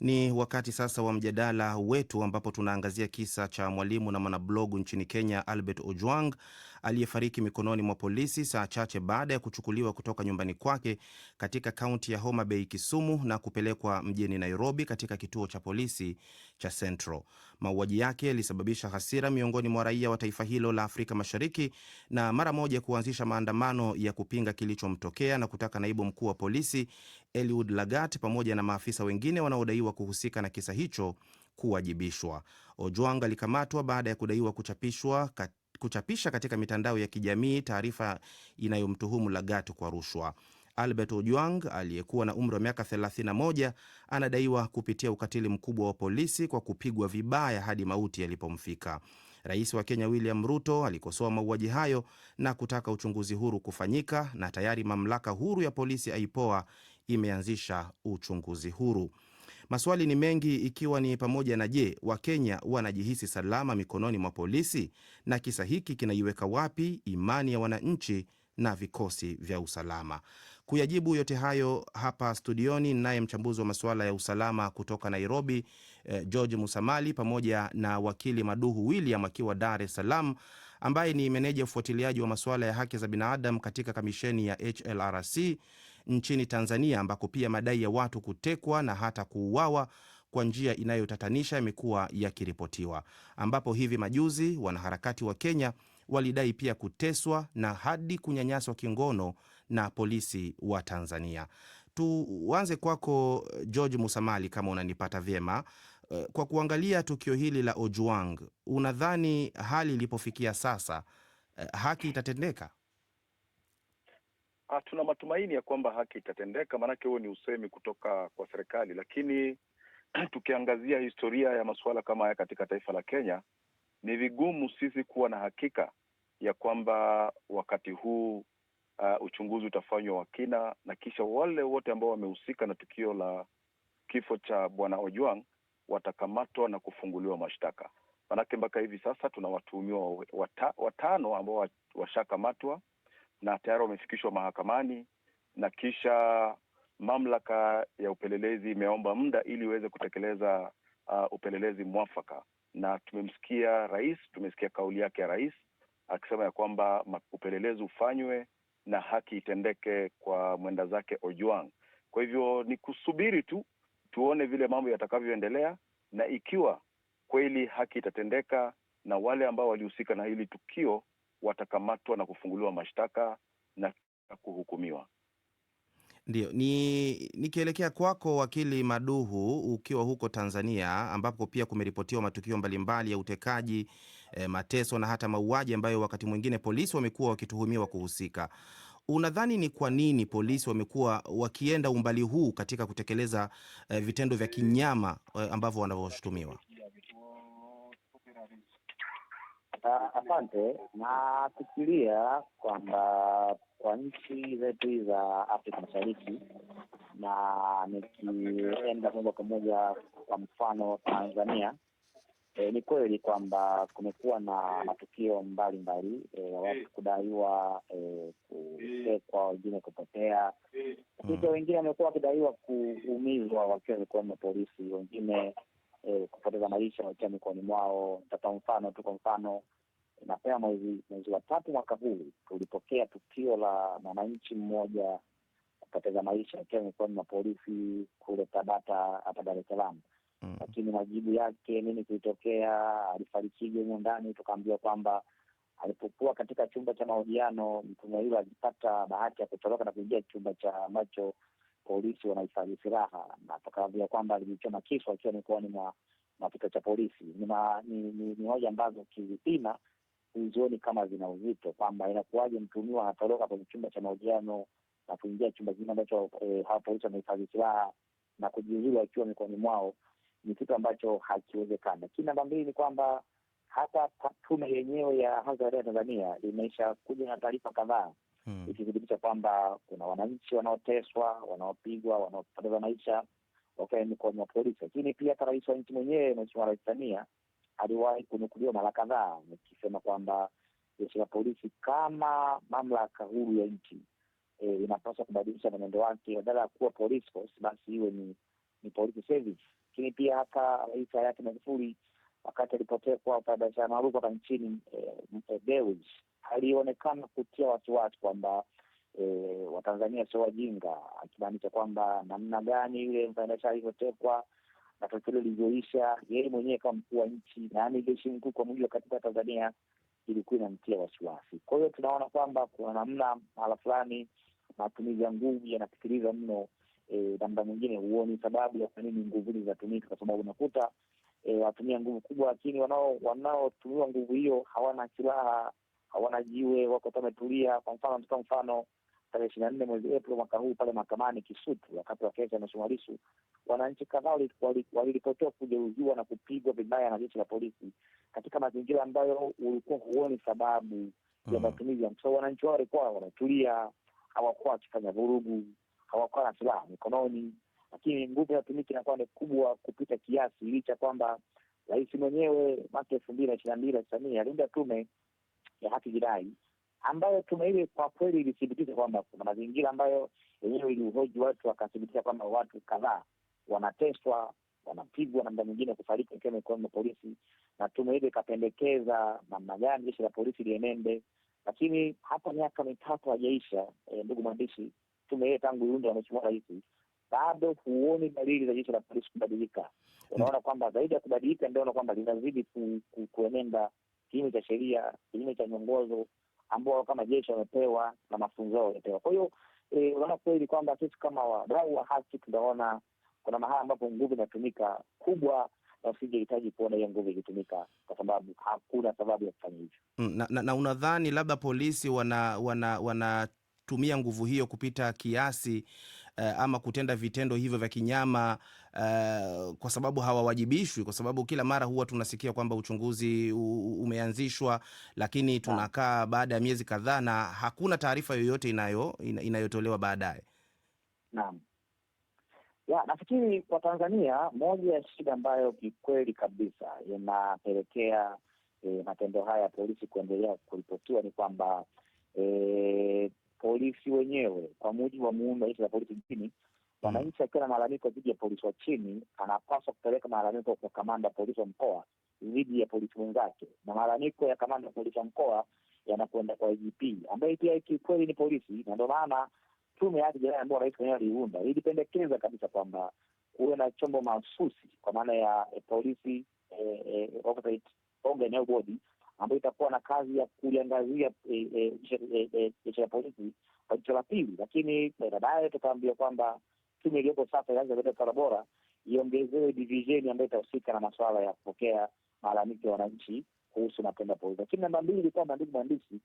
Ni wakati sasa wa mjadala wetu ambapo tunaangazia kisa cha mwalimu na mwanablogu nchini Kenya Albert Ojwang aliyefariki mikononi mwa polisi saa chache baada ya kuchukuliwa kutoka nyumbani kwake katika kaunti ya Homa Bay, Kisumu na kupelekwa mjini Nairobi katika kituo cha polisi cha Central. Mauaji yake yalisababisha hasira miongoni mwa raia wa taifa hilo la Afrika Mashariki na mara moja kuanzisha maandamano ya kupinga kilichomtokea na kutaka naibu mkuu wa polisi Eliud Lagat pamoja na maafisa wengine wanaodaiwa kuhusika na kisa hicho kuwajibishwa. Ojwang alikamatwa baada ya kudaiwa kuchapishwa kuchapisha katika mitandao ya kijamii taarifa inayomtuhumu Lagat kwa rushwa. Albert Ojwang aliyekuwa na umri wa miaka 31 anadaiwa kupitia ukatili mkubwa wa polisi kwa kupigwa vibaya hadi mauti yalipomfika. Rais wa Kenya William Ruto alikosoa mauaji hayo na kutaka uchunguzi huru kufanyika, na tayari mamlaka huru ya polisi aipoa imeanzisha uchunguzi huru. Maswali ni mengi, ikiwa ni pamoja na je, Wakenya wanajihisi salama mikononi mwa polisi na kisa hiki kinaiweka wapi imani ya wananchi na vikosi vya usalama? Kuyajibu yote hayo hapa studioni naye mchambuzi wa masuala ya usalama kutoka Nairobi eh, George Musamali pamoja na wakili Maduhu William akiwa Dar es Salaam ambaye ni meneja ufuatiliaji wa masuala ya haki za binadamu katika kamisheni ya HLRC nchini Tanzania ambako pia madai ya watu kutekwa na hata kuuawa kwa njia inayotatanisha yamekuwa yakiripotiwa, ambapo hivi majuzi wanaharakati wa Kenya walidai pia kuteswa na hadi kunyanyaswa kingono na polisi wa Tanzania. Tuanze kwako George Musamali, kama unanipata vyema. Eh, kwa kuangalia tukio hili la ojuang unadhani hali ilipofikia sasa eh, haki itatendeka? Ah, tuna matumaini ya kwamba haki itatendeka, maanake huo ni usemi kutoka kwa serikali, lakini tukiangazia historia ya masuala kama haya katika taifa la Kenya, ni vigumu sisi kuwa na hakika ya kwamba wakati huu uh, uchunguzi utafanywa wa kina na kisha wale wote ambao wamehusika na tukio la kifo cha bwana Ojwang watakamatwa na kufunguliwa mashtaka, maanake mpaka hivi sasa tuna watuhumiwa watano ambao washakamatwa na tayari wamefikishwa mahakamani na kisha mamlaka ya upelelezi imeomba muda ili iweze kutekeleza uh, upelelezi mwafaka. Na tumemsikia rais, tumesikia kauli yake ya rais akisema ya kwamba upelelezi ufanywe na haki itendeke kwa mwenda zake ojuang Kwa hivyo ni kusubiri tu tuone vile mambo yatakavyoendelea, na ikiwa kweli haki itatendeka na wale ambao walihusika na hili tukio watakamatwa na kufunguliwa mashtaka na kuhukumiwa. Ndio ni nikielekea kwako wakili Maduhu, ukiwa huko Tanzania ambapo pia kumeripotiwa matukio mbalimbali ya utekaji e, mateso na hata mauaji ambayo wakati mwingine polisi wamekuwa wakituhumiwa kuhusika. Unadhani ni kwa nini polisi wamekuwa wakienda umbali huu katika kutekeleza e, vitendo vya kinyama e, ambavyo wanavyoshutumiwa? Ah, asante. Nafikiria kwamba kwa nchi zetu hii za Afrika Mashariki, na nikienda moja kwa moja, kwa mfano Tanzania, e, ni kweli kwamba kumekuwa na matukio mbalimbali ya e, watu kudaiwa e, kutekwa, wengine kupotea, lakini pia wengine wamekuwa wakidaiwa kuumizwa wakiwa mikononi mwa polisi, wengine e, kupoteza maisha wakiwa mikoni mwao. Nitatoa mfano tu, kwa mfano mapema mwezi mwezi wa tatu mwaka huu tulipokea tukio la mwananchi mmoja kupoteza maisha akiwa mikoni mwa polisi kule Tabata hapa Dar es Salaam. Mm. Lakini majibu yake nini kilitokea, alifarikije humo ndani? Tukaambiwa kwamba alipokuwa katika chumba cha mahojiano mtuhumiwa yule alipata bahati ya kutoroka na kuingia chumba cha ambacho polisi wanahifadhi silaha na tukaambia kwamba alijichoma kifo akiwa mikoani mwa mafuta cha polisi. Ni hoja ni, ni, ambazo ukizipima huzioni kama zina uzito, kwamba inakuwaje mtumiwa atoroka kwenye chumba cha mahojiano na kuingia chumba kingine ambacho e, hawa polisi wanahifadhi silaha na kujiuzulu akiwa mikononi mwao, ni kitu ambacho hakiwezekani. Lakini namba mbili ni kwamba hata tume yenyewe ya haki za raia Tanzania na taarifa kadhaa hmm, ikithibitisha kwamba kuna wananchi wanaoteswa, wanaopigwa, wanaopoteza maisha wakiwa mikono wa polisi. Lakini pia hata rais wa nchi mwenyewe mweshimua Rais Samia aliwahi kunukuliwa mara kadhaa nikisema kwamba jeshi la polisi kama mamlaka huru ya nchi e, inapaswa kubadilisha mwenendo wake, badala ya kuwa police force basi iwe ni, ni police service. Lakini pia hata rais hayati Magufuli wakati alipotekwa biashara maarufu hapa nchini e, e, alionekana kutia wasiwasi kwamba e, Watanzania sio wajinga, akimaanisha kwamba namna gani yule mfanyabiashara alivyotekwa na tatizo lilivyoisha, yeye mwenyewe kama mkuu wa nchi, yaani jeshi mkuu kwa mujibu wa katiba ya Tanzania ilikuwa inamtia wasiwasi. Kwa hiyo tunaona kwamba kuna namna mahala fulani matumizi ya nguvu yanapitiliza mno. E, na mwingine huoni sababu ya kwanini nguvu hili zinatumika, kwa sababu unakuta e, watumia nguvu kubwa, lakini wanaotumiwa nguvu hiyo hawana silaha hawana jiwe, wako pametulia. Kwa mfano nitoa mfano, tarehe ishirini na nne mwezi Aprili mwaka huu pale mahakamani Kisutu, wakati wa kesi ya Mheshimiwa Lissu, wananchi kadhaa waliripotiwa kujeruhiwa na kupigwa vibaya na jeshi la polisi katika mazingira ambayo ulikuwa huoni sababu mm. ya matumizi ya mso. Wananchi wao walikuwa wanatulia, hawakuwa wakifanya vurugu, hawakuwa na silaha mikononi, lakini nguvu inatumika inakuwa ni kubwa kupita kiasi, licha kwamba rais mwenyewe mwaka elfu mbili na ishirini na mbili Samia aliunda tume ya haki jinai ambayo tume ile kwa kweli ilithibitisha kwamba kuna mazingira ambayo yenyewe iliuhoji watu wakathibitisha kwamba watu kadhaa wanateswa, wanapigwa namda nyingine kufariki wakiwa mikononi mwa polisi, na tume ile ikapendekeza namna gani jeshi la polisi lienende. Lakini hata miaka mitatu hajaisha, e, ndugu mwandishi, tume ile tangu iundwe na rahisi bado huoni dalili za jeshi la polisi kubadilika. Mm. Unaona kwamba zaidi ya kubadilika, ndio unaona kwamba linazidi ku, ku, kuenenda kiini cha sheria, kiini cha miongozo ambao kama jeshi wamepewa na mafunzo yao wamepewa. Kwa hiyo e, unaona kweli kwamba sisi kama wadau wa haki tunaona kuna mahala ambapo nguvu inatumika kubwa na usingehitaji kuona hiyo nguvu ikitumika, kwa sababu hakuna sababu ya kufanya hivyo. Mm, na, na, na unadhani labda polisi wana wana, wana nguvu hiyo kupita kiasi uh, ama kutenda vitendo hivyo vya kinyama uh, kwa sababu hawawajibishwi, kwa sababu kila mara huwa tunasikia kwamba uchunguzi umeanzishwa, lakini tunakaa baada ya miezi kadhaa na hakuna taarifa yoyote inayo inayotolewa baadaye. Naam. Ya, nafikiri kwa Tanzania moja ya shida ambayo kikweli kabisa inapelekea e, matendo haya ya polisi kuendelea kuripotiwa ni kwamba e, polisi wenyewe. Kwa mujibu wa muundo wa jeshi la polisi nchini, mwananchi mm. akiwa na malalamiko dhidi ya polisi wa chini anapaswa kupeleka malalamiko kwa kamanda polisi wa mkoa dhidi ya polisi mwenzake, na malalamiko ya kamanda polisi wa mkoa yanakwenda kwa IGP ambaye pia kiukweli ni polisi, na ndio maana tume ya jirani ambao rais mwenyewe aliiunda ilipendekeza kabisa kwamba kuwe na chombo mahususi kwa maana ya polisi eh, eh, organized body ambayo itakuwa na kazi ya kuliangazia e, e, e, jeshi la polisi kwa jicho la pili, lakini baadaye tukaambia kwamba tume iliyoko sasa ilianza kuleta utawala iongezewe divisheni ambayo itahusika na masuala ya kupokea malalamiko ya wananchi kuhusu matendo ya polisi. Lakini namba mbili ilikuwa, ndugu mwandishi,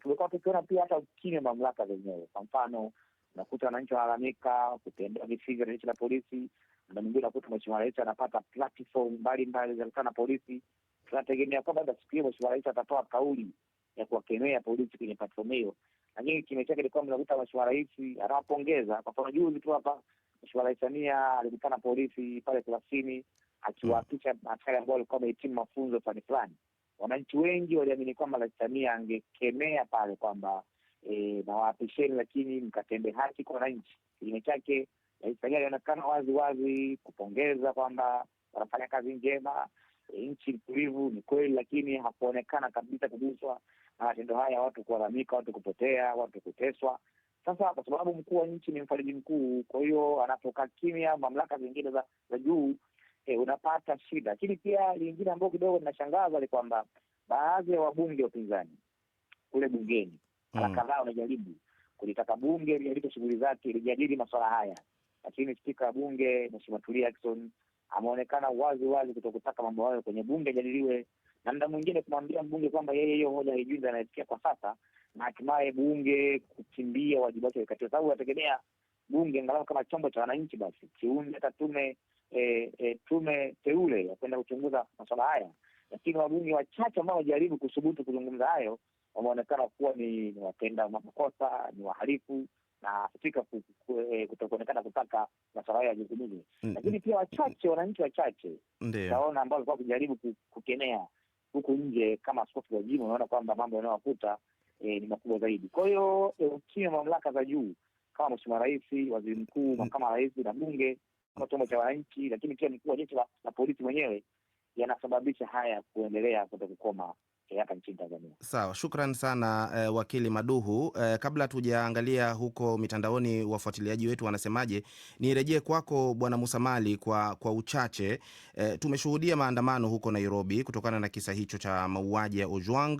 tumekuwa tukiona pia hata ukimya mamlaka zenyewe. Kwa mfano, unakuta wananchi wanalalamika kutendewa visivyo na jeshi la polisi, na mwingine unakuta mheshimiwa rais anapata platform mbalimbali zinazotokana na polisi tunategemea kwamba labda siku hiyo mheshimiwa rais atatoa kauli ya kuwakemea polisi kwenye platform hiyo, lakini kime chake ni kwamba unakuta mheshimiwa rais anawapongeza. Kwa mfano juzi tu hapa mheshimiwa rais Samia alikutana polisi pale Kurasini akiwaapisha mm. askari ambao walikuwa wamehitimu mafunzo fulani fulani. Wananchi wengi waliamini kwamba rais Samia angekemea pale kwamba e, nawaapisheni, lakini mkatende haki kwa wananchi. Kinyume chake rais Samia alionekana wazi wazi kupongeza kwamba wanafanya kazi njema nchi tulivu, ni kweli, lakini hakuonekana kabisa kuguswa na matendo haya, watu kuharamika, watu kupotea, watu kuteswa. Sasa kwa sababu mkuu wa nchi ni mfariji mkuu, kwa hiyo anapokaa kimya, mamlaka zingine za, za juu eh, unapata shida. Lakini pia lingine ambayo kidogo linashangaza ni kwamba baadhi ya wabunge wa upinzani kule bungeni mm. mara mm, kadhaa wanajaribu kulitaka bunge lialike shughuli zake lijadili masuala haya, lakini spika wa bunge Mheshimiwa Tulia Ackson ameonekana wazi wazi kutokutaka mambo hayo kwenye bunge jadiliwe, na muda mwingine kumwambia mbunge kwamba yeye hiyo hoja haijui, ndiyo anaisikia kwa sasa, na hatimaye bunge kukimbia wajibu wake kikatiba, sababu inategemea bunge angalau kama chombo cha wananchi, basi kiunde hata tume e, e, tume teule ya kwenda kuchunguza masuala haya, lakini wabunge wachache ambao wajaribu kuthubutu kuzungumza hayo wameonekana kuwa ni, ni watenda makosa, ni wahalifu na Afrika eh, kutokuonekana kutaka masuala ya jukumizi, lakini pia wachache, wananchi wachache naona ambao walikuwa kujaribu kukenea huku nje kama askofu wa jimbo, unaona kwamba mambo yanayowakuta e, eh, ni makubwa zaidi. Kwa hiyo ukimya eh, mamlaka za juu kama mheshimiwa rais, waziri mkuu, makamu rais na bunge kama chombo cha wananchi, lakini pia mkuu wa jeshi la polisi mwenyewe yanasababisha haya kuendelea kuto kukoma hapa nchini Tanzania. Sawa, shukran sana eh, wakili Maduhu. Eh, kabla tujaangalia huko mitandaoni wafuatiliaji wetu wanasemaje, nirejee kwako bwana Musamali kwa, kwa uchache eh, tumeshuhudia maandamano huko Nairobi kutokana na kisa hicho cha mauaji ya Ojwang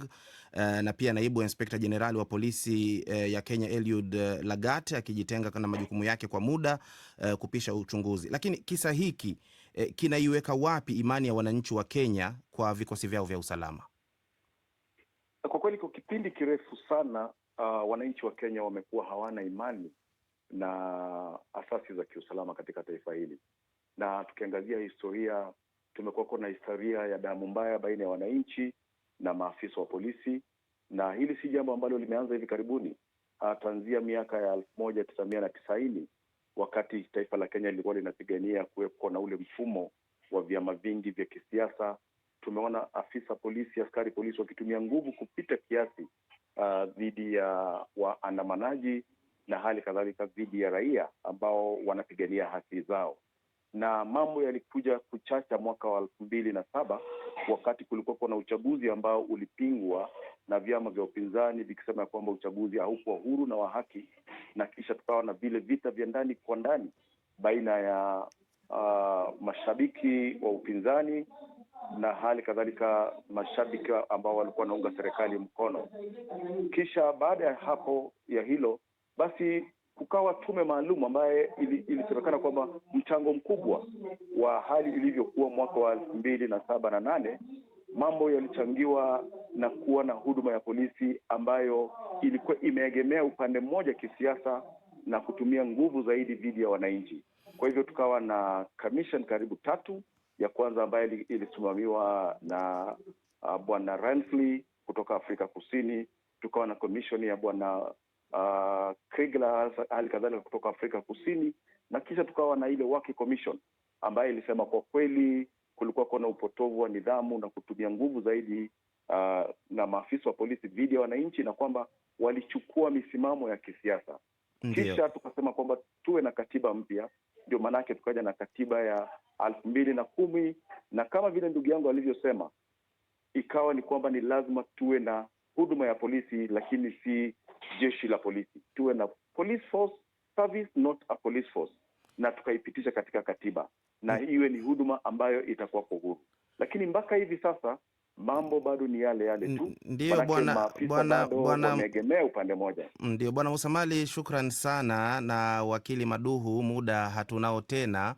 eh, na pia naibu inspekta jenerali wa polisi eh, ya Kenya Eliud eh, Lagat akijitenga na majukumu yake kwa muda eh, kupisha uchunguzi, lakini kisa hiki eh, kinaiweka wapi imani ya wananchi wa Kenya kwa vikosi vyao vya usalama? Kwa kweli kwa kipindi kirefu sana uh, wananchi wa Kenya wamekuwa hawana imani na asasi za kiusalama katika taifa hili, na tukiangazia historia, tumekuwako na historia ya damu mbaya baina ya wananchi na maafisa wa polisi, na hili si jambo ambalo limeanza hivi karibuni. Uh, tanzia miaka ya elfu moja tisa mia na tisaini wakati taifa la Kenya lilikuwa linapigania kuwepo na ule mfumo wa vyama vingi vya kisiasa tumeona afisa polisi, askari polisi wakitumia nguvu kupita kiasi uh, dhidi uh, ya uh, waandamanaji na hali kadhalika dhidi ya raia ambao wanapigania haki zao. Na mambo yalikuja kuchacha mwaka wa elfu mbili na saba wakati kulikuwa na uchaguzi ambao ulipingwa na vyama vya upinzani vikisema ya kwamba uchaguzi haukuwa huru na wa haki, na kisha tukawa na vile vita vya ndani kwa ndani baina ya uh, mashabiki wa upinzani na hali kadhalika mashabiki ambao walikuwa wanaunga serikali mkono. Kisha baada ya hapo ya hilo basi kukawa tume maalum ambaye ilisemekana ili kwamba mchango mkubwa wa hali ilivyokuwa mwaka wa elfu mbili na saba na nane mambo yalichangiwa na kuwa na huduma ya polisi ambayo ilikuwa imeegemea upande mmoja kisiasa na kutumia nguvu zaidi dhidi ya wananchi. Kwa hivyo tukawa na commission karibu tatu ya kwanza ambayo ilisimamiwa na uh, bwana Renfrey kutoka Afrika Kusini, tukawa na komishon ya bwana uh, hali kadhalika kutoka Afrika Kusini, na kisha tukawa na ile Waki Commission ambayo ilisema kwa kweli kulikuwa kuna upotovu wa nidhamu na kutumia nguvu zaidi uh, na maafisa wa polisi dhidi ya wananchi na kwamba walichukua misimamo ya kisiasa. Kisha tukasema kwamba tuwe na katiba mpya ndio maanake tukaja na katiba ya elfu mbili na kumi na kama vile ndugu yangu alivyosema, ikawa ni kwamba ni lazima tuwe na huduma ya polisi, lakini si jeshi la polisi, tuwe na police force service, not a police force, na tukaipitisha katika katiba na hmm. iwe ni huduma ambayo itakuwa kwa uhuru, lakini mpaka hivi sasa mambo bado ni yale yale tu. Ndio bwana bwana bwana, wameegemea upande mmoja. Ndio bwana Musamali, shukran sana na wakili Maduhu, muda hatunao tena.